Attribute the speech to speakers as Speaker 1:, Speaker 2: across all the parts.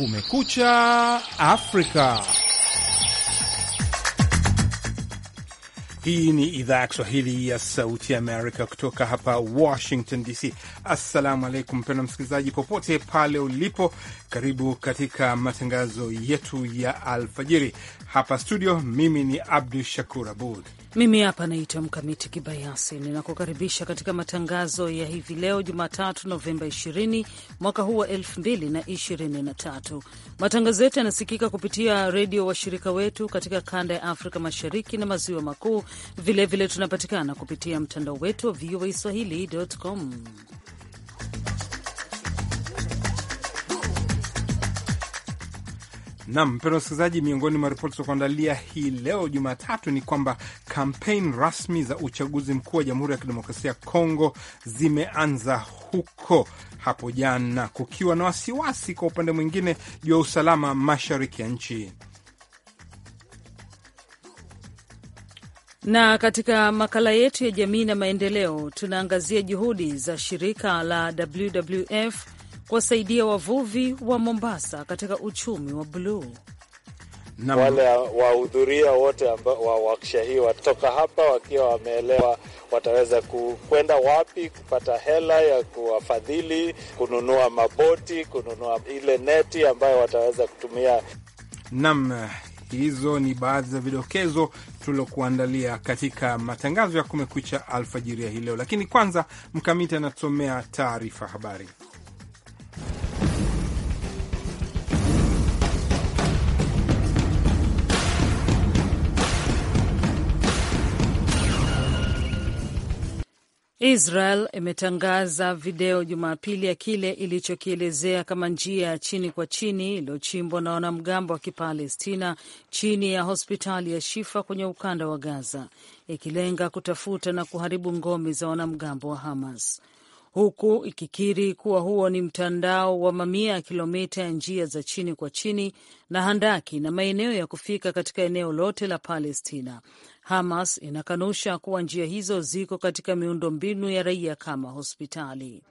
Speaker 1: Kumekucha Afrika. Hii ni idhaa ya Kiswahili ya Sauti Amerika kutoka hapa Washington DC. Assalamu alaikum, mpendwa msikilizaji, popote pale ulipo, karibu katika matangazo yetu ya alfajiri hapa studio. Mimi ni Abdu Shakur Abud
Speaker 2: mimi hapa naitwa Mkamiti Kibayasi, ninakukaribisha katika matangazo ya hivi leo Jumatatu, Novemba 20 mwaka huu wa 2023. Matangazo yetu yanasikika kupitia redio washirika wetu katika kanda ya Afrika Mashariki na Maziwa Makuu. Vilevile tunapatikana kupitia mtandao wetu wa VOA swahili.com.
Speaker 1: Nam mpendo msikilizaji, miongoni mwa ripoti za kuandalia hii leo Jumatatu ni kwamba kampeni rasmi za uchaguzi mkuu wa Jamhuri ya Kidemokrasia ya Kongo zimeanza huko hapo jana, kukiwa na wasiwasi kwa upande mwingine juu ya usalama mashariki ya nchi.
Speaker 2: Na katika makala yetu ya jamii na maendeleo, tunaangazia juhudi za shirika la WWF kuwasaidia wavuvi wa Mombasa katika uchumi wa bluu.
Speaker 3: Wale wahudhuria wote wa waksha hii watoka hapa wakiwa wameelewa wataweza kwenda wapi kupata hela ya kuwafadhili, kununua maboti, kununua ile neti ambayo wataweza kutumia.
Speaker 1: Naam, hizo ni baadhi za vidokezo tulokuandalia katika matangazo ya Kumekucha alfajiri ya hii leo, lakini kwanza Mkamiti anatusomea taarifa habari.
Speaker 2: Israel imetangaza video Jumapili ya kile ilichokielezea kama njia ya chini kwa chini iliyochimbwa na wanamgambo wa Kipalestina chini ya hospitali ya Shifa kwenye ukanda wa Gaza, ikilenga kutafuta na kuharibu ngome za wanamgambo wa Hamas huku ikikiri kuwa huo ni mtandao wa mamia ya kilomita ya njia za chini kwa chini na handaki na maeneo ya kufika katika eneo lote la Palestina. Hamas inakanusha kuwa njia hizo ziko katika miundombinu ya raia kama hospitali.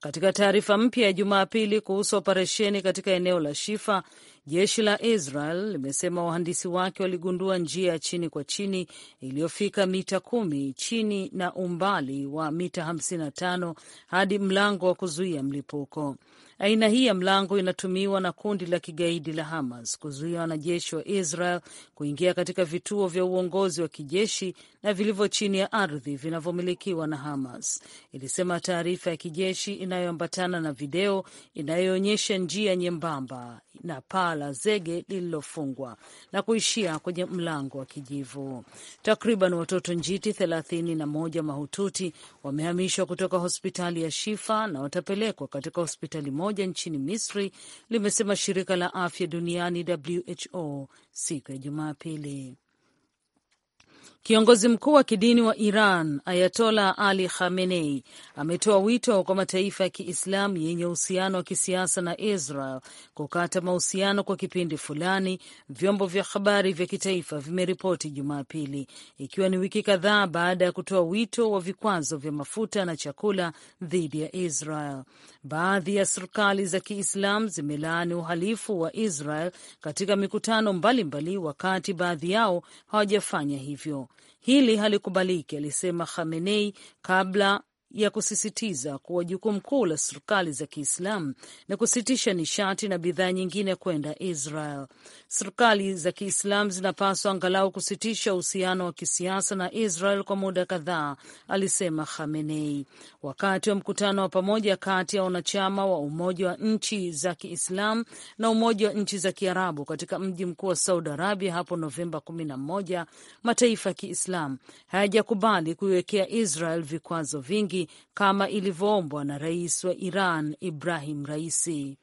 Speaker 2: Katika taarifa mpya ya Jumapili kuhusu operesheni katika eneo la Shifa Jeshi la Israel limesema wahandisi wake waligundua njia ya chini kwa chini iliyofika mita kumi chini na umbali wa mita 55 hadi mlango wa kuzuia mlipuko. Aina hii ya mlango inatumiwa na kundi la kigaidi la Hamas kuzuia wanajeshi wa Israel kuingia katika vituo vya uongozi wa kijeshi na vilivyo chini ya ardhi vinavyomilikiwa na Hamas, ilisema taarifa ya kijeshi inayoambatana na video inayoonyesha njia nyembamba na paa paa la zege lililofungwa na kuishia kwenye mlango wa kijivu. Takriban watoto njiti thelathini na moja mahututi wamehamishwa kutoka hospitali ya Shifa na watapelekwa katika hospitali moja nchini Misri, limesema shirika la afya duniani WHO siku ya Jumapili. Kiongozi mkuu wa kidini wa Iran Ayatola Ali Khamenei ametoa wito kwa mataifa ya Kiislamu yenye uhusiano wa kisiasa na Israel kukata mahusiano kwa kipindi fulani, vyombo vya habari vya kitaifa vimeripoti Jumapili, ikiwa ni wiki kadhaa baada ya kutoa wito wa vikwazo vya mafuta na chakula dhidi ya Israel. Baadhi ya serikali za Kiislamu zimelaani uhalifu wa Israel katika mikutano mbalimbali, wakati baadhi yao hawajafanya hivyo. Hili halikubaliki, alisema Khamenei kabla ya kusisitiza kuwa jukumu kuu la serikali za Kiislamu ni kusitisha nishati na bidhaa nyingine kwenda Israel. Serikali za Kiislamu zinapaswa angalau kusitisha uhusiano wa kisiasa na Israel kwa muda kadhaa, alisema Khamenei wakati wa mkutano wa pamoja kati ya wanachama wa Umoja wa Nchi za Kiislamu na Umoja wa Nchi za Kiarabu katika mji mkuu wa Saudi Arabia hapo Novemba 11. Mataifa ya Kiislamu hayajakubali kuiwekea Israel vikwazo vingi kama ilivyoombwa na rais wa Iran Ibrahim Raisi.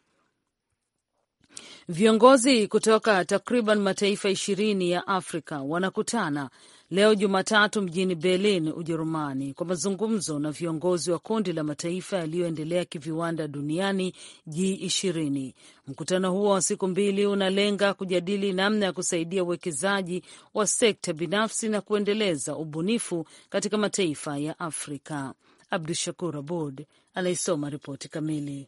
Speaker 2: Viongozi kutoka takriban mataifa ishirini ya Afrika wanakutana leo Jumatatu mjini Berlin, Ujerumani, kwa mazungumzo na viongozi wa kundi la mataifa yaliyoendelea kiviwanda duniani G20. Mkutano huo wa siku mbili unalenga kujadili namna ya kusaidia uwekezaji wa sekta binafsi na kuendeleza ubunifu katika mataifa ya Afrika. Abdu Shakur Abud anaisoma ripoti kamili.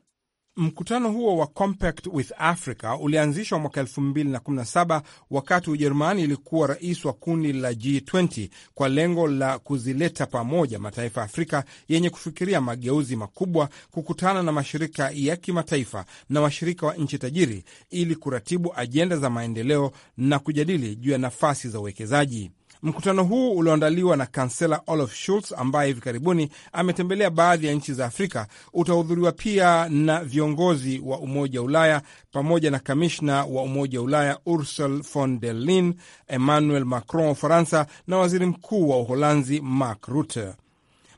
Speaker 1: Mkutano huo wa Compact with Africa ulianzishwa mwaka 2017 wakati Ujerumani ilikuwa rais wa kundi la G20 kwa lengo la kuzileta pamoja mataifa ya Afrika yenye kufikiria mageuzi makubwa kukutana na mashirika ya kimataifa na washirika wa nchi tajiri ili kuratibu ajenda za maendeleo na kujadili juu ya nafasi za uwekezaji. Mkutano huu ulioandaliwa na kansela Olaf Scholz ambaye hivi karibuni ametembelea baadhi ya nchi za Afrika utahudhuriwa pia na viongozi wa Umoja wa Ulaya pamoja na kamishna wa Umoja wa Ulaya Ursula von der Leyen, Emmanuel Macron wa Ufaransa na waziri mkuu wa Uholanzi Mark Rutte.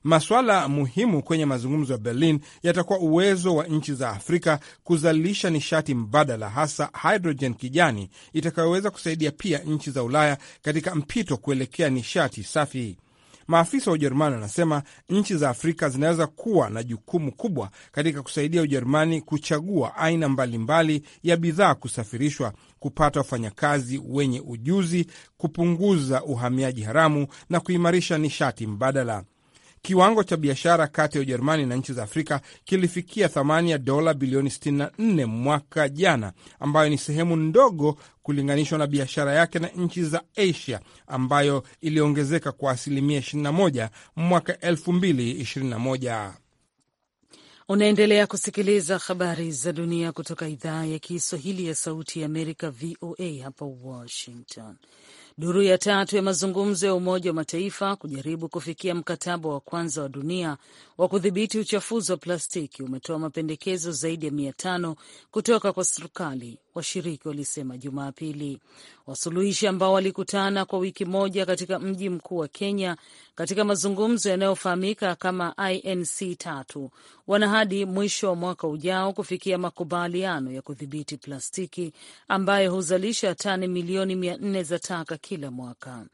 Speaker 1: Maswala muhimu kwenye mazungumzo ya Berlin yatakuwa uwezo wa nchi za Afrika kuzalisha nishati mbadala, hasa hidrojeni kijani itakayoweza kusaidia pia nchi za Ulaya katika mpito kuelekea nishati safi. Maafisa wa Ujerumani wanasema nchi za Afrika zinaweza kuwa na jukumu kubwa katika kusaidia Ujerumani kuchagua aina mbalimbali mbali ya bidhaa kusafirishwa, kupata wafanyakazi wenye ujuzi, kupunguza uhamiaji haramu na kuimarisha nishati mbadala. Kiwango cha biashara kati ya Ujerumani na nchi za Afrika kilifikia thamani ya dola bilioni 64 mwaka jana, ambayo ni sehemu ndogo kulinganishwa na biashara yake na nchi za Asia ambayo iliongezeka kwa asilimia 21 mwaka 2021.
Speaker 2: Unaendelea kusikiliza habari za dunia kutoka idhaa ya Kiswahili ya Sauti ya Amerika, VOA hapa Washington. Duru ya tatu ya mazungumzo ya Umoja wa Mataifa kujaribu kufikia mkataba wa kwanza wa dunia wa kudhibiti uchafuzi wa plastiki umetoa mapendekezo zaidi ya mia tano kutoka kwa serikali, washiriki walisema Jumapili. Wasuluhishi ambao walikutana kwa wiki moja katika mji mkuu wa Kenya katika mazungumzo yanayofahamika kama INC tatu wana hadi mwisho wa mwaka ujao kufikia makubaliano ya kudhibiti plastiki ambayo huzalisha tani milioni mia nne za taka kila mwaka.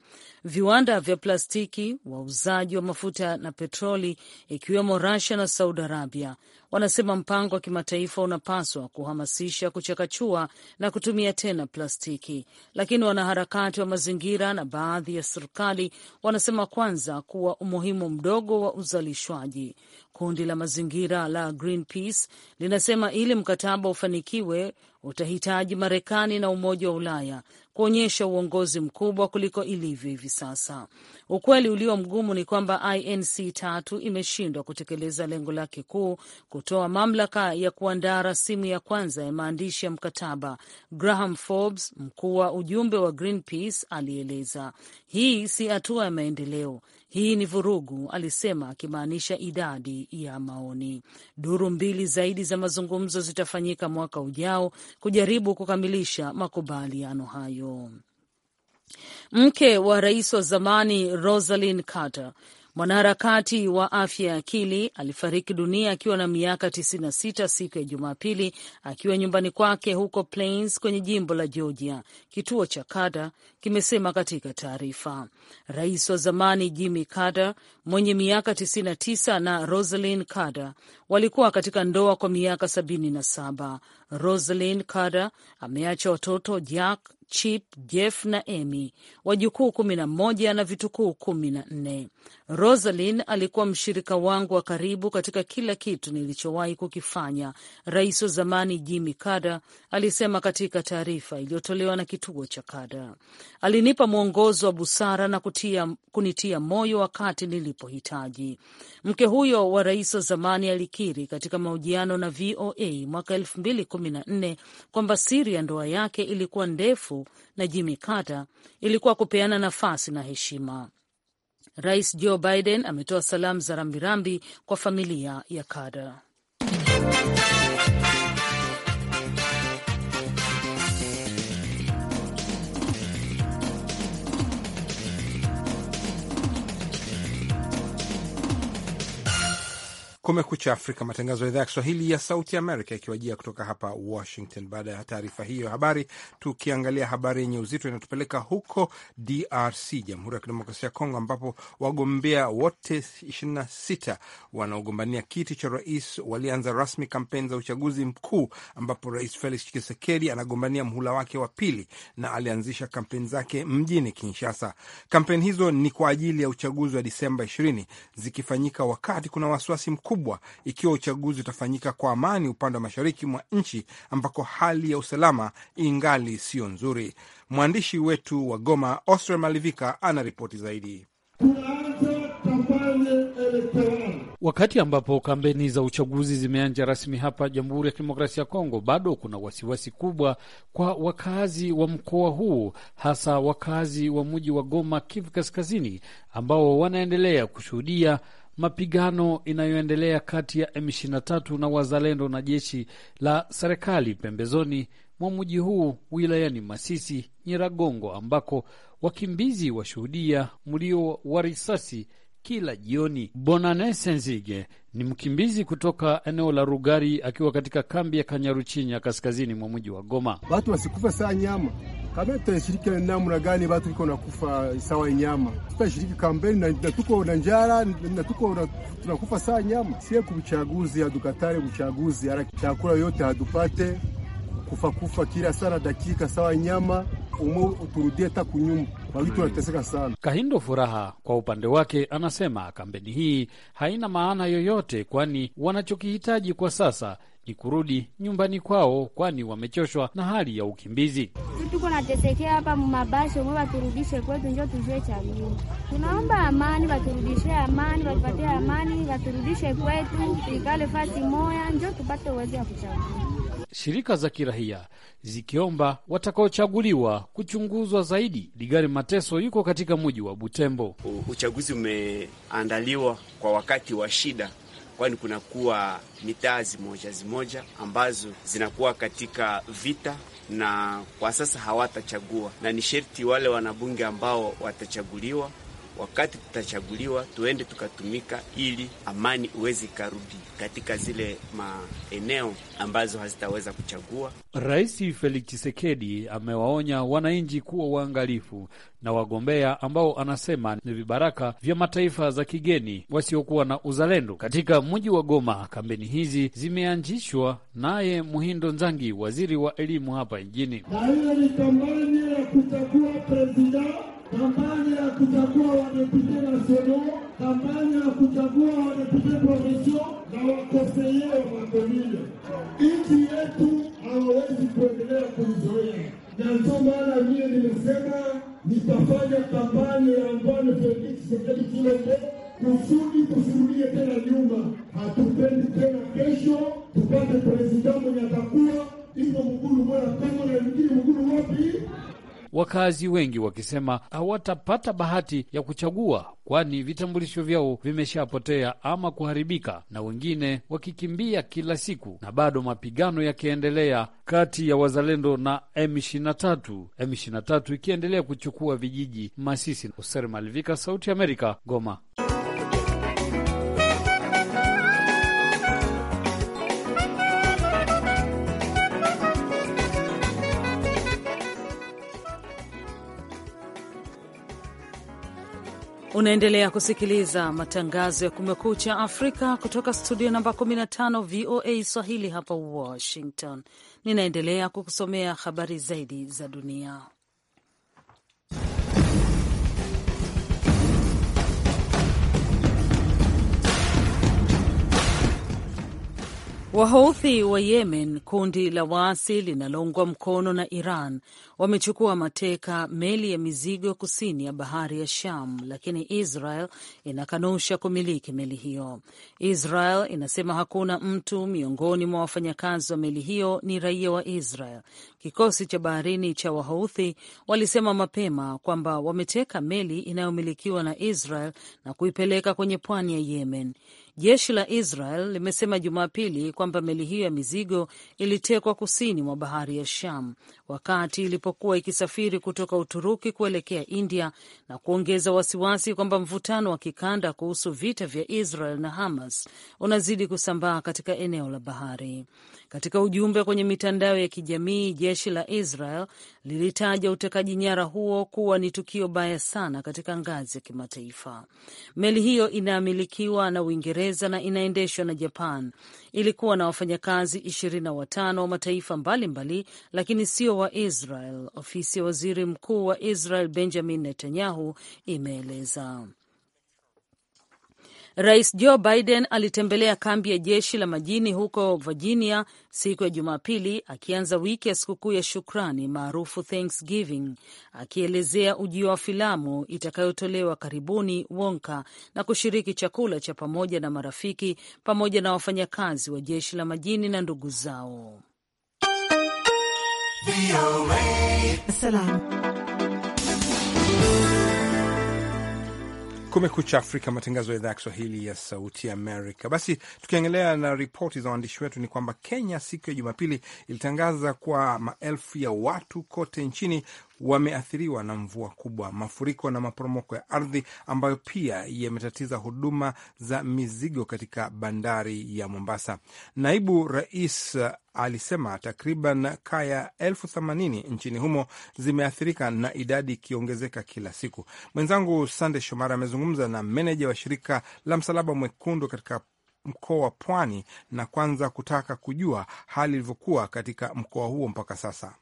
Speaker 2: Viwanda vya plastiki, wauzaji wa mafuta na petroli, ikiwemo Russia na Saudi Arabia, wanasema mpango wa kimataifa unapaswa kuhamasisha kuchakachua na kutumia tena plastiki, lakini wanaharakati wa mazingira na baadhi ya serikali wanasema kwanza kuwa umuhimu mdogo wa uzalishwaji. Kundi la mazingira la Greenpeace linasema ili mkataba ufanikiwe utahitaji Marekani na Umoja wa Ulaya kuonyesha uongozi mkubwa kuliko ilivyo hivi sasa. Ukweli ulio mgumu ni kwamba INC tatu imeshindwa kutekeleza lengo lake kuu, kutoa mamlaka ya kuandaa rasimu ya kwanza ya maandishi ya mkataba. Graham Forbes, mkuu wa ujumbe wa Greenpeace, alieleza hii si hatua ya maendeleo, hii ni vurugu, alisema, akimaanisha idadi ya maoni. Duru mbili zaidi za mazungumzo zitafanyika mwaka ujao kujaribu kukamilisha makubaliano hayo. Mke wa rais wa zamani Rosalynn Carter Mwanaharakati wa afya ya akili alifariki dunia akiwa na miaka 96 siku ya Jumapili akiwa nyumbani kwake huko Plains kwenye jimbo la Georgia, kituo cha Carter kimesema katika taarifa. Rais wa zamani Jimmy Carter mwenye miaka 99 na Rosalynn Carter walikuwa katika ndoa kwa miaka 77. Rosalynn Carter ameacha watoto Jack Chip, Jeff na Emy, wajukuu kumi na moja na vitukuu kumi na nne. Rosalin alikuwa mshirika wangu wa karibu katika kila kitu nilichowahi kukifanya, rais wa zamani Jimmy Carter alisema katika taarifa iliyotolewa na kituo cha Carter. Alinipa mwongozo wa busara na kutia, kunitia moyo wakati nilipohitaji. Mke huyo wa rais wa zamani alikiri katika mahojiano na VOA mwaka 2014 kwamba siri ya ndoa yake ilikuwa ndefu na Jimmy Carter ilikuwa kupeana nafasi na heshima. Rais Joe Biden ametoa salamu za rambirambi kwa familia ya Carter.
Speaker 1: Kumekucha Afrika, matangazo ya idhaa ya Kiswahili ya Sauti Amerika ikiwajia kutoka hapa Washington. Baada ya taarifa hiyo ya habari, tukiangalia habari yenye uzito inatupeleka huko DRC, Jamhuri ya Kidemokrasia ya Kongo, ambapo wagombea wote 26 wanaogombania kiti cha rais walianza rasmi kampeni za uchaguzi mkuu, ambapo Rais Felix Tshisekedi anagombania mhula wake wa pili na alianzisha kampeni zake mjini Kinshasa. Kampeni hizo ni kwa ajili ya uchaguzi wa Disemba 20 zikifanyika wakati kuna wasiwasi mkubwa kubwa ikiwa uchaguzi utafanyika kwa amani upande wa mashariki mwa nchi ambako hali ya usalama ingali siyo nzuri. Mwandishi wetu wa Goma,
Speaker 4: austra Malivika, ana ripoti zaidi. Wakati ambapo kampeni za uchaguzi zimeanza rasmi hapa Jamhuri ya Kidemokrasia ya Kongo, bado kuna wasiwasi kubwa kwa wakazi wa mkoa huu, hasa wakazi wa mji wa Goma, Kivu Kaskazini, ambao wanaendelea kushuhudia mapigano inayoendelea kati ya M23 na wazalendo na jeshi la serikali pembezoni mwa mji huu wilayani Masisi, Nyiragongo, ambako wakimbizi washuhudia mlio wa risasi kila jioni. Bonanese Nzige ni mkimbizi kutoka eneo la Rugari akiwa katika kambi ya Kanyaruchinya kaskazini mwa mji wa Goma.
Speaker 1: Watu wasikufa saa nyama kama tutashiriki namna gani? Watu iko nakufa sawa nyama, tutashiriki kambeni na tuko na njara na tuko tunakufa sawa nyama. Sie kuchaguzi hadukatare kuchaguzi, ara chakula yote hadupate
Speaker 4: kufa kufa kila sana dakika
Speaker 3: sawa nyama umwe uturudie
Speaker 4: ta kunyumba wanateseka sana. Kahindo Furaha kwa upande wake anasema kampeni hii haina maana yoyote, kwani wanachokihitaji kwa sasa ni kurudi nyumbani kwao, kwani wamechoshwa na hali ya ukimbizi. Tuko natesekea hapa mumabasi ume, waturudishe kwetu, njo tujue chaguo. Tunaomba amani, waturudishe amani, watupatie amani, waturudishe kwetu, tuikale fasi moya, njo tupate uwezi ya kuchagua shirika za kiraia zikiomba watakaochaguliwa kuchunguzwa zaidi. Ligari Mateso yuko katika muji wa Butembo.
Speaker 5: Uchaguzi umeandaliwa kwa wakati wa shida kwani kunakuwa mitaa zimoja zimoja ambazo zinakuwa katika vita, na kwa sasa hawatachagua, na ni sherti wale wanabunge ambao watachaguliwa wakati tutachaguliwa, tuende tukatumika ili amani uweze karudi katika zile maeneo ambazo hazitaweza kuchagua.
Speaker 4: Rais Felix Tshisekedi amewaonya wananchi kuwa waangalifu na wagombea ambao anasema ni vibaraka vya mataifa za kigeni wasiokuwa na uzalendo. Katika mji wa Goma, kampeni hizi zimeanzishwa naye Muhindo Nzangi, waziri wa elimu hapa nchini,
Speaker 1: ni ya kuchagua
Speaker 5: kampanya ya kuchagua wanepite nasiono kampanya ya kuchagua
Speaker 1: wanepite provinsio na wakoseye wa makomune. Nchi yetu hawawezi kuendelea kuizoea, na ndio maana mie nimesema
Speaker 5: nitafanya kampanya ya Antoine Felix Tshisekedi Tshilombo kusudi kusirudie tena nyuma. Hatupendi tena kesho tupate prezida mwenye atakuwa hivyo mgulu mwana Kongo na ingine mgulu wapi
Speaker 4: wakazi wengi wakisema hawatapata bahati ya kuchagua, kwani vitambulisho vyao vimeshapotea ama kuharibika, na wengine wakikimbia kila siku, na bado mapigano yakiendelea kati ya wazalendo na M23, M23 ikiendelea kuchukua vijiji Masisi. Hoser Malivika, Sauti ya Amerika, Goma.
Speaker 2: Unaendelea kusikiliza matangazo ya Kumekucha Afrika kutoka studio namba 15 VOA Swahili hapa Washington. Ninaendelea kukusomea habari zaidi za dunia. Wahouthi wa Yemen, kundi la waasi linaloungwa mkono na Iran, wamechukua mateka meli ya mizigo kusini ya bahari ya Sham, lakini Israel inakanusha kumiliki meli hiyo. Israel inasema hakuna mtu miongoni mwa wafanyakazi wa meli hiyo ni raia wa Israel. Kikosi cha baharini cha Wahouthi walisema mapema kwamba wameteka meli inayomilikiwa na Israel na kuipeleka kwenye pwani ya Yemen. Jeshi la Israel limesema Jumapili kwamba meli hiyo ya mizigo ilitekwa kusini mwa bahari ya Sham wakati ilipokuwa ikisafiri kutoka Uturuki kuelekea India na kuongeza wasiwasi kwamba mvutano wa kikanda kuhusu vita vya Israel na Hamas unazidi kusambaa katika eneo la bahari. Katika ujumbe kwenye mitandao ya kijamii, jeshi la Israel lilitaja utekaji nyara huo kuwa ni tukio baya sana katika ngazi ya kimataifa. Meli hiyo inamilikiwa na Uingereza na inaendeshwa na Japan. Ilikuwa na wafanyakazi ishirini na watano wa mataifa mbalimbali, lakini sio wa Israel, ofisi ya waziri mkuu wa Israel Benjamin Netanyahu imeeleza. Rais Joe Biden alitembelea kambi ya jeshi la majini huko Virginia siku ya Jumapili, akianza wiki ya sikukuu ya shukrani maarufu Thanksgiving, akielezea ujio wa filamu itakayotolewa karibuni Wonka na kushiriki chakula cha pamoja na marafiki pamoja na wafanyakazi wa jeshi la majini na ndugu zao.
Speaker 1: Kumekucha Afrika, matangazo ya idhaa ya Kiswahili ya Sauti Amerika. Basi tukiengelea na ripoti za waandishi wetu, ni kwamba Kenya siku ya Jumapili ilitangaza kwa maelfu ya watu kote nchini wameathiriwa na mvua kubwa, mafuriko na maporomoko ya ardhi ambayo pia yametatiza huduma za mizigo katika bandari ya Mombasa. Naibu rais uh, alisema takriban kaya elfu themanini nchini humo zimeathirika na idadi ikiongezeka kila siku. Mwenzangu Sande Shomara amezungumza na meneja wa shirika la Msalaba Mwekundu katika mkoa wa Pwani na kwanza kutaka kujua hali ilivyokuwa katika mkoa huo mpaka sasa.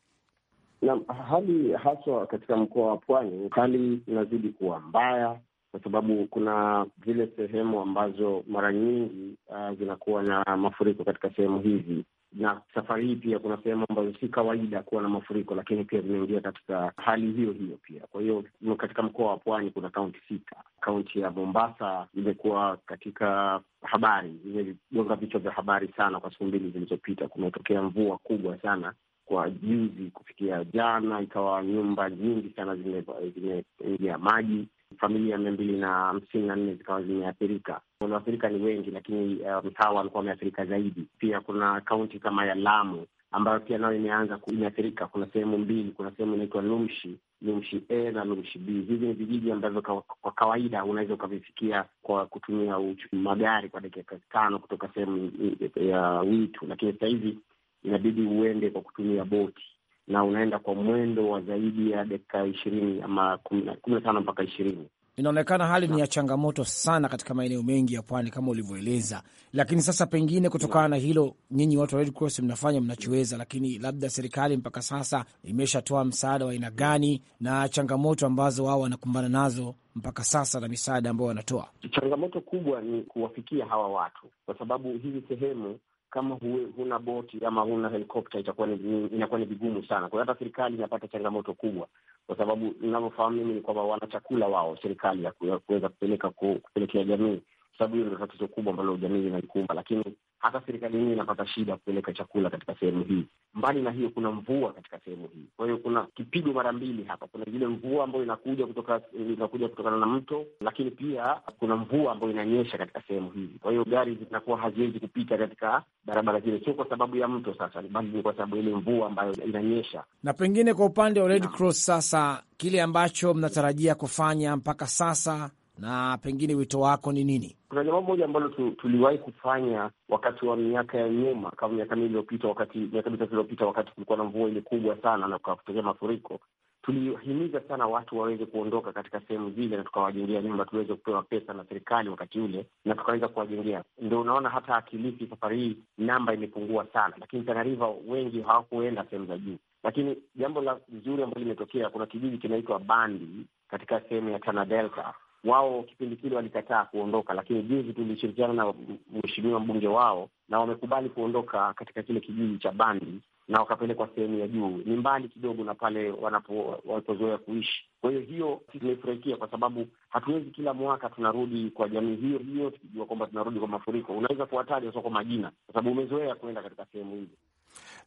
Speaker 5: Na hali haswa katika mkoa wa Pwani, hali inazidi kuwa mbaya kwa sababu kuna zile sehemu ambazo mara nyingi uh, zinakuwa na mafuriko katika sehemu hizi, na safari hii pia kuna sehemu ambazo si kawaida kuwa na mafuriko, lakini pia zimeingia katika hali hiyo hiyo pia. Kwa hiyo katika mkoa wa Pwani kuna kaunti sita. Kaunti ya Mombasa imekuwa katika habari, imegonga vichwa vya habari sana. Kwa siku mbili zilizopita kumetokea mvua kubwa sana kwa juzi kufikia jana, ikawa nyumba nyingi sana zimeingia maji, familia mia mbili na hamsini na nne zikawa zimeathirika. Walioathirika ni wengi, lakini eh, mtaa um, alikuwa ameathirika zaidi. Pia kuna kaunti kama ya Lamu ambayo pia nayo imeanza imeathirika. Kuna sehemu mbili, kuna sehemu inaitwa Lumshi, Lumshi A na Lumshi B. Hivi ni vijiji ambavyo kwa kawaida unaweza ukavifikia kwa kutumia magari kwa dakika tano kutoka sehemu eh, ya Witu, lakini sasa hivi inabidi uende kwa kutumia boti na unaenda kwa mwendo wa zaidi ya dakika ishirini ama kumi na tano mpaka ishirini. Inaonekana hali ni ya changamoto sana katika maeneo mengi ya pwani kama ulivyoeleza, lakini sasa pengine kutokana na hilo, nyinyi watu wa Red Cross mnafanya mnachoweza, lakini labda serikali mpaka sasa imeshatoa msaada wa aina gani na changamoto ambazo wao wanakumbana nazo mpaka sasa na misaada ambayo wanatoa? Changamoto kubwa ni kuwafikia hawa watu, kwa sababu hizi sehemu kama huwe, huna boti ama huna helikopta itakuwa ni, inakuwa ni vigumu sana. Kwa hiyo hata serikali inapata changamoto kubwa, kwa sababu inavyofahamu mimi ni kwamba wana chakula wao serikali ya kuweza kupeleka kupelekea jamii sababu hiyo ndio tatizo kubwa ambalo jamii linaikumba, lakini hata serikali yenyewe inapata shida kupeleka chakula katika sehemu hii. Mbali na hiyo, kuna mvua katika sehemu hii, kwa hiyo kuna kipigo mara mbili hapa. Kuna ile mvua ambayo inakuja kutoka inakuja kutokana na mto, lakini pia kuna mvua ambayo inanyesha katika sehemu hizi. Kwa hiyo gari zinakuwa haziwezi kupita katika barabara zile, sio kwa sababu ya mto sasa, bali ni kwa sababu ile mvua ambayo inanyesha. Na pengine kwa upande wa Red Cross sasa, kile ambacho mnatarajia kufanya mpaka sasa na pengine wito wako ni nini? Kuna jambo moja ambalo tu, tuliwahi kufanya wakati wa miaka ya nyuma kama miaka mii iliyopita, wakati miaka mitatu iliyopita, wakati kulikuwa na mvua ile kubwa sana na kukatokea mafuriko, tulihimiza sana watu waweze kuondoka katika sehemu zile, na tukawajengea nyumba, tuweze kupewa pesa na serikali wakati ule, na tukaweza kuwajengea. ndo unaona hata Kilifi safari hii namba imepungua sana, lakini Tana River wengi hawakuenda sehemu za juu. Lakini jambo la vizuri ambalo limetokea, kuna kijiji kinaitwa Bandi katika sehemu ya Tana Delta wao kipindi kile walikataa kuondoka, lakini juzi tulishirikiana na mheshimiwa mbunge wao na wamekubali kuondoka katika kile kijiji cha Bandi na wakapelekwa sehemu ya juu, ni mbali kidogo na pale wanapo walipozoea kuishi. Kwa hiyo hiyo tumefurahikia, kwa sababu hatuwezi kila mwaka tunarudi kwa jamii hiyo hiyo, tukijua kwamba tunarudi kwa mafuriko. Unaweza kuwataja sio kwa majina, kwa sababu umezoea kuenda katika sehemu hizo.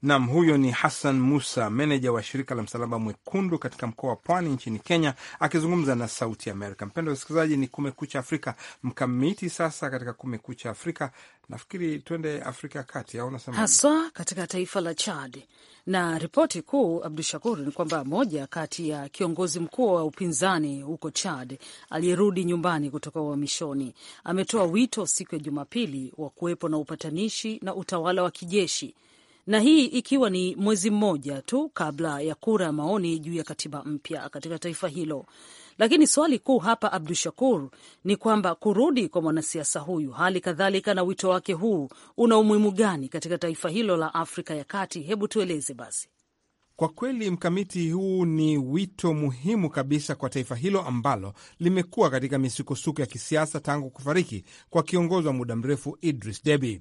Speaker 1: Nam, huyo ni Hassan Musa, meneja wa shirika la Msalaba Mwekundu katika mkoa wa Pwani nchini Kenya, akizungumza na Sauti Amerika. Mpendo wa usikilizaji, ni Kumekucha Afrika mkamiti sasa katika Kumekucha Afrika. Nafikiri tuende Afrika Kati au unasema
Speaker 2: haswa katika taifa la Chad, na ripoti kuu Abdu Shakur ni kwamba moja kati ya kiongozi mkuu wa upinzani huko Chad aliyerudi nyumbani kutoka uhamishoni ametoa wito siku ya Jumapili wa kuwepo na upatanishi na utawala wa kijeshi na hii ikiwa ni mwezi mmoja tu kabla ya kura ya maoni juu ya katiba mpya katika taifa hilo. Lakini swali kuu hapa, Abdu Shakur, ni kwamba kurudi kwa mwanasiasa huyu, hali kadhalika na wito wake huu, una umuhimu gani katika taifa hilo la Afrika ya Kati? Hebu tueleze basi.
Speaker 1: Kwa kweli mkamiti, huu ni wito muhimu kabisa kwa taifa hilo ambalo limekuwa katika misukosuko ya kisiasa tangu kufariki kwa kiongozi wa muda mrefu Idris Deby.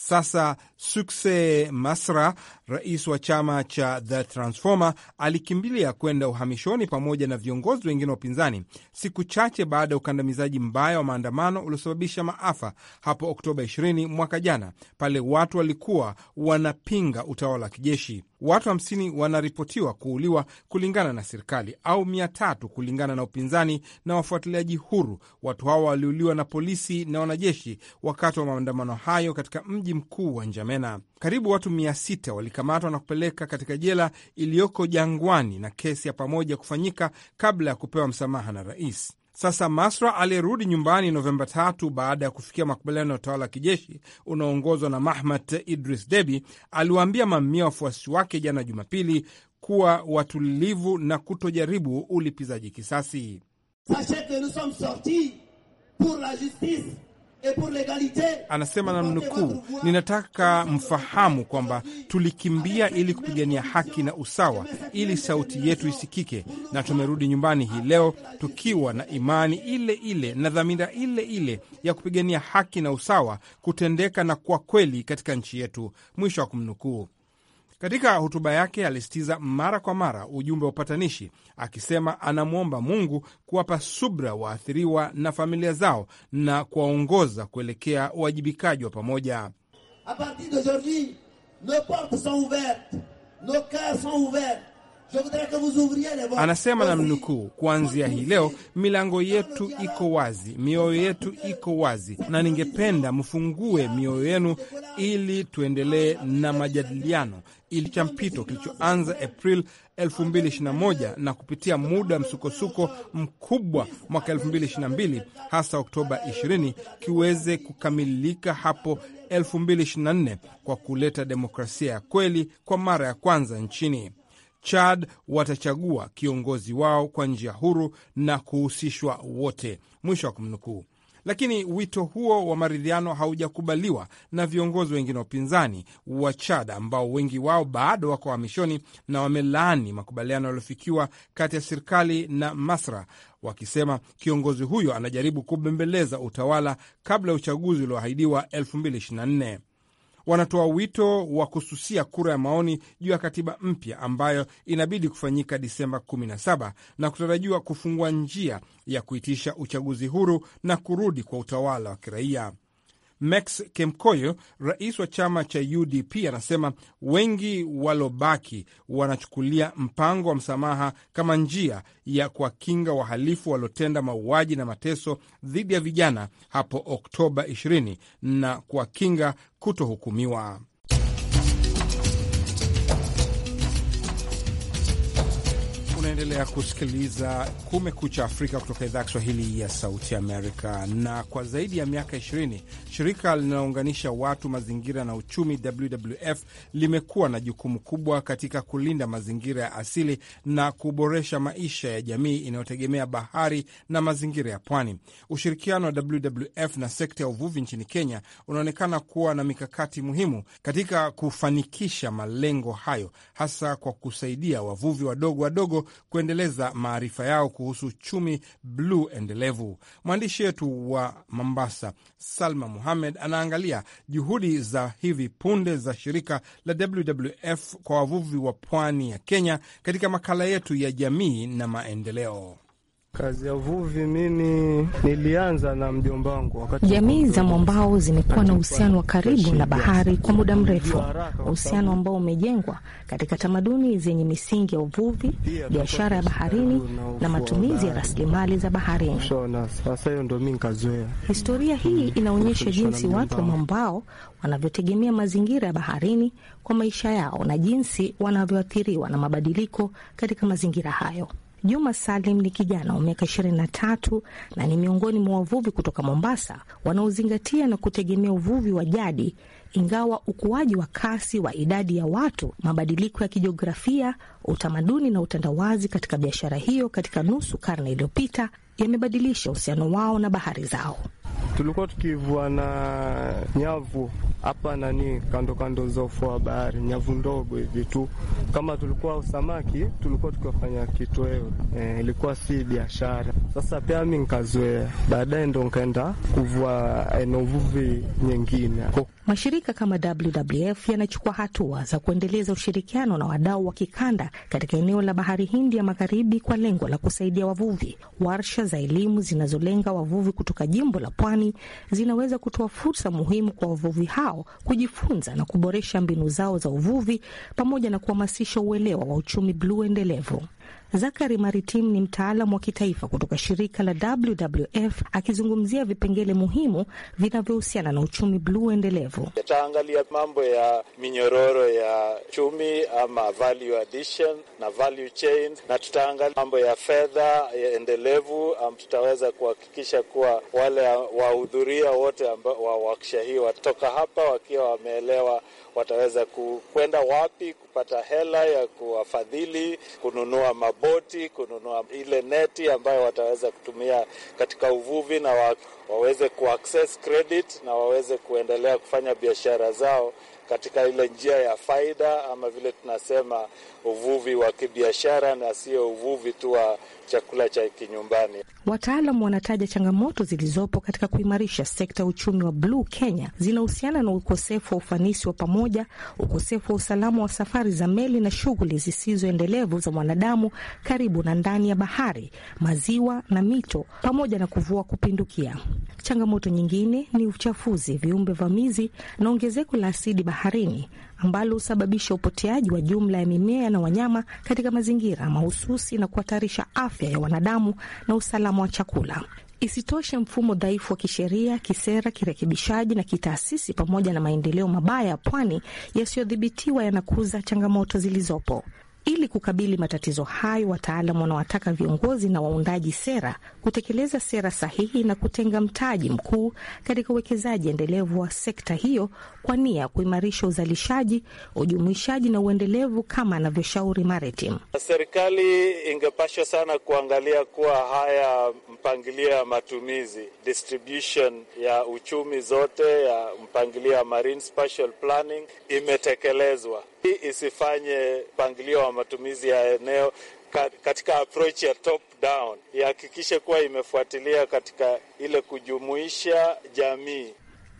Speaker 1: Sasa Sukse Masra, rais wa chama cha The Transformer, alikimbilia kwenda uhamishoni pamoja na viongozi wengine wa upinzani siku chache baada ya ukandamizaji mbaya wa maandamano uliosababisha maafa hapo Oktoba 20 mwaka jana, pale watu walikuwa wanapinga utawala wa kijeshi. Watu 50 wanaripotiwa kuuliwa kulingana na serikali au 300 kulingana na upinzani na wafuatiliaji huru. Watu hawa waliuliwa na polisi na wanajeshi wakati wa maandamano hayo katika mji mkuu wa Njamena. Karibu watu 600 walikamatwa na kupeleka katika jela iliyoko Jangwani na kesi ya pamoja kufanyika kabla ya kupewa msamaha na rais. Sasa Masra aliyerudi nyumbani Novemba tatu baada ya kufikia makubaliano ya utawala wa kijeshi unaoongozwa na Mahmat Idris Debi aliwaambia mamia wafuasi wake jana Jumapili kuwa watulivu na kutojaribu ulipizaji kisasi. Anasema na mnukuu, ninataka mfahamu kwamba tulikimbia ili kupigania haki na usawa, ili sauti yetu isikike, na tumerudi nyumbani hii leo tukiwa na imani ile ile na dhamira ile ile ya kupigania haki na usawa kutendeka na kwa kweli katika nchi yetu. Mwisho wa kumnukuu. Katika hotuba yake alisitiza mara kwa mara ujumbe wa upatanishi, akisema anamwomba Mungu kuwapa subra waathiriwa na familia zao na kuwaongoza kuelekea uwajibikaji wa pamoja.
Speaker 5: A partir d'aujourd'hui nos portes sont ouvertes, nos sont ouverts Anasema
Speaker 1: namnukuu, kuanzia hii leo milango yetu iko wazi, mioyo yetu iko wazi, na ningependa mfungue mioyo yenu ili tuendelee na majadiliano ili cha mpito kilichoanza april 2021 na kupitia muda wa msukosuko mkubwa mwaka 2022 hasa Oktoba 20 kiweze kukamilika hapo 2024 kwa kuleta demokrasia ya kweli kwa mara ya kwanza nchini. Chad watachagua kiongozi wao kwa njia huru na kuhusishwa wote, mwisho wa kumnukuu. Lakini wito huo wa maridhiano haujakubaliwa na viongozi wengine wa upinzani wa Chad ambao wengi wao bado wako hamishoni na wamelaani makubaliano yaliyofikiwa kati ya serikali na Masra, wakisema kiongozi huyo anajaribu kubembeleza utawala kabla ya uchaguzi ulioahidiwa 2024 wanatoa wito wa kususia kura ya maoni juu ya katiba mpya ambayo inabidi kufanyika Disemba 17 na kutarajiwa kufungua njia ya kuitisha uchaguzi huru na kurudi kwa utawala wa kiraia. Max Kemkoyo, rais wa chama cha UDP, anasema wengi walobaki wanachukulia mpango wa msamaha kama njia ya kuwakinga wahalifu waliotenda mauaji na mateso dhidi ya vijana hapo Oktoba 20 na kuwakinga kutohukumiwa. Unaendelea kusikiliza Kumekucha Afrika kutoka idhaa ya Kiswahili ya Sauti Amerika. Na kwa zaidi ya miaka 20 shirika linalounganisha watu, mazingira na uchumi, WWF, limekuwa na jukumu kubwa katika kulinda mazingira ya asili na kuboresha maisha ya jamii inayotegemea bahari na mazingira ya pwani. Ushirikiano wa WWF na sekta ya uvuvi nchini Kenya unaonekana kuwa na mikakati muhimu katika kufanikisha malengo hayo, hasa kwa kusaidia wavuvi wadogo wadogo kuendeleza maarifa yao kuhusu uchumi bluu endelevu. Mwandishi wetu wa Mombasa, Salma Muhamed, anaangalia juhudi za hivi punde za shirika la WWF kwa wavuvi wa pwani ya Kenya katika makala yetu ya jamii na maendeleo.
Speaker 6: Kazi ya uvuvi mimi nilianza na mjomba wangu wakati. Jamii za mwambao zimekuwa na uhusiano wa karibu na bahari kwa muda mrefu, uhusiano ambao umejengwa katika tamaduni zenye misingi ya uvuvi, biashara ya baharini na matumizi ya rasilimali za baharini. Historia hii hmm, inaonyesha jinsi watu wa mwambao wanavyotegemea mazingira ya baharini kwa maisha yao na jinsi wanavyoathiriwa na mabadiliko katika mazingira hayo. Juma Salim ni kijana wa miaka ishirini na tatu na ni miongoni mwa wavuvi kutoka Mombasa wanaozingatia na kutegemea uvuvi wa jadi, ingawa ukuaji wa kasi wa idadi ya watu, mabadiliko ya kijiografia, utamaduni na utandawazi katika biashara hiyo katika nusu karne iliyopita yamebadilisha uhusiano wao na bahari zao
Speaker 3: tulikuwa tukivua na
Speaker 1: nyavu hapa nani, kando kando za ufuo wa bahari, nyavu ndogo hivi tu. Kama tulikuwa samaki, tulikuwa tukiwafanya kitoweo, eh, ilikuwa e, si biashara. Sasa pia mi nkazoea baadaye ndo nkaenda kuvua eh, na uvuvi nyingine
Speaker 6: Mashirika kama WWF yanachukua hatua za kuendeleza ushirikiano na wadau wa kikanda katika eneo la bahari Hindi ya magharibi kwa lengo la kusaidia wavuvi. Warsha za elimu zinazolenga wavuvi kutoka jimbo la Pwani zinaweza kutoa fursa muhimu kwa wavuvi hao kujifunza na kuboresha mbinu zao za uvuvi pamoja na kuhamasisha uelewa wa uchumi bluu endelevu. Zakari Maritim ni mtaalam wa kitaifa kutoka shirika la WWF akizungumzia vipengele muhimu vinavyohusiana na uchumi bluu endelevu.
Speaker 3: Itaangalia mambo ya minyororo ya chumi ama value addition na value chain, na tutaangalia mambo ya fedha endelevu. tutaweza kuhakikisha kuwa wale wahudhuria wote wa waksha hii watoka hapa wakiwa wameelewa wataweza kwenda wapi kupata hela ya kuwafadhili kununua maboti, kununua ile neti ambayo wataweza kutumia katika uvuvi, na wa, waweze kuaccess credit na waweze kuendelea kufanya biashara zao katika ile njia ya faida, ama vile tunasema uvuvi wa kibiashara na sio uvuvi tu wa chakula cha kinyumbani.
Speaker 6: Wataalam wanataja changamoto zilizopo katika kuimarisha sekta ya uchumi wa bluu Kenya zinahusiana na ukosefu wa ufanisi wa pamoja, ukosefu wa usalama wa safari za meli na shughuli zisizoendelevu za mwanadamu karibu na ndani ya bahari, maziwa na mito, pamoja na kuvua kupindukia. Changamoto nyingine ni uchafuzi, viumbe vamizi na ongezeko la asidi baharini ambalo husababisha upoteaji wa jumla ya mimea na wanyama katika mazingira mahususi na kuhatarisha afya ya wanadamu na usalama wa chakula. Isitoshe, mfumo dhaifu wa kisheria, kisera, kirekebishaji na kitaasisi, pamoja na maendeleo mabaya ya pwani yasiyodhibitiwa yanakuza changamoto zilizopo. Ili kukabili matatizo hayo, wataalam wanawataka viongozi na waundaji sera kutekeleza sera sahihi na kutenga mtaji mkuu katika uwekezaji endelevu wa sekta hiyo kwa nia ya kuimarisha uzalishaji, ujumuishaji na uendelevu, kama anavyoshauri Maritim.
Speaker 3: Serikali ingepashwa sana kuangalia kuwa haya mpangilio ya matumizi distribution ya uchumi zote ya mpangilio ya marine spatial planning imetekelezwa hii isifanye mpangilio wa matumizi ya eneo katika approach ya top down, ihakikishe kuwa imefuatilia katika ile kujumuisha jamii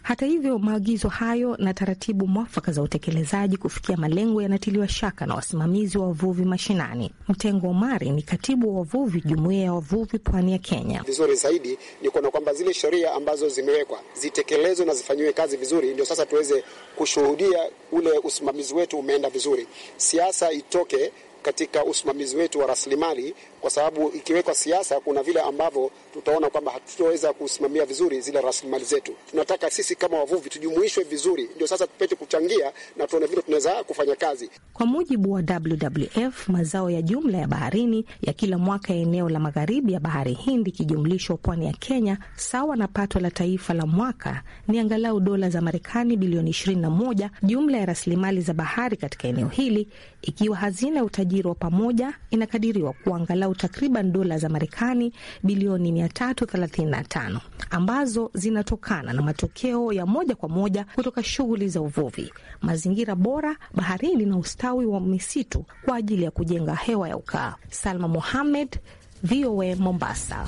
Speaker 6: hata hivyo, maagizo hayo na taratibu mwafaka za utekelezaji kufikia malengo yanatiliwa shaka na wasimamizi wa wavuvi mashinani. Mtengo Omari ni katibu wa wavuvi, jumuiya ya wavuvi pwani ya Kenya.
Speaker 5: Vizuri zaidi ni kuona kwamba zile sheria ambazo zimewekwa zitekelezwe na zifanyiwe kazi vizuri, ndio sasa tuweze kushuhudia ule usimamizi wetu umeenda vizuri. Siasa itoke katika usimamizi wetu wa rasilimali, kwa sababu ikiwekwa siasa, kuna vile ambavyo tutaona kwamba hatutoweza kusimamia vizuri zile rasilimali zetu. Tunataka sisi kama wavuvi tujumuishwe vizuri, ndio sasa tupate kuchangia na tuone vile tunaweza kufanya kazi.
Speaker 6: Kwa mujibu wa WWF, mazao ya jumla ya baharini ya kila mwaka ya eneo la magharibi ya bahari Hindi kijumlishwa pwani ya Kenya, sawa na pato la taifa la mwaka ni angalau dola za Marekani bilioni 21, jumla ya rasilimali za bahari katika eneo hili ikiwa hazina utaji utajiri wa pamoja inakadiriwa kuwa angalau takriban dola za Marekani bilioni 335 ambazo zinatokana na matokeo ya moja kwa moja kutoka shughuli za uvuvi, mazingira bora baharini na ustawi wa misitu kwa ajili ya kujenga hewa ya ukaa. Salma Mohamed, VOA Mombasa.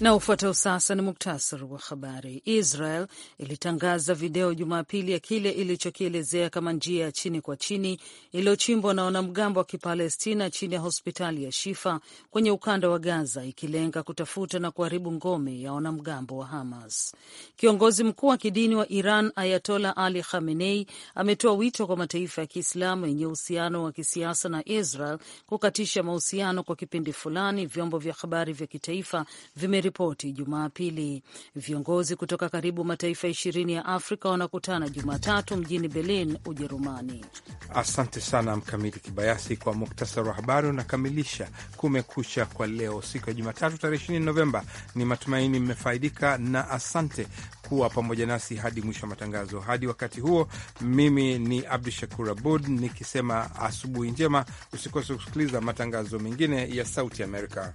Speaker 2: Na ufuatao sasa ni muktasari wa habari. Israel ilitangaza video Jumapili ya kile ilichokielezea kama njia ya chini kwa chini iliyochimbwa na wanamgambo wa Kipalestina chini ya hospitali ya Shifa kwenye ukanda wa Gaza, ikilenga kutafuta na kuharibu ngome ya wanamgambo wa Hamas. Kiongozi mkuu wa kidini wa Iran Ayatola Ali Khamenei ametoa wito kwa mataifa ya Kiislamu yenye uhusiano wa kisiasa na Israel kukatisha mahusiano kwa kipindi fulani, vyombo vya habari vya kitaifa vimeri ripoti Jumapili. Viongozi kutoka karibu mataifa ishirini ya Afrika wanakutana Jumatatu mjini Berlin, Ujerumani.
Speaker 1: Asante sana Mkamiti Kibayasi kwa muktasari wa habari. Unakamilisha Kumekucha kwa leo, siku ya Jumatatu tarehe ishirini Novemba. Ni matumaini mmefaidika, na asante kuwa pamoja nasi hadi mwisho wa matangazo. Hadi wakati huo, mimi ni Abdu Shakur Abud nikisema asubuhi njema. Usikose kusikiliza matangazo mengine ya Sauti Amerika.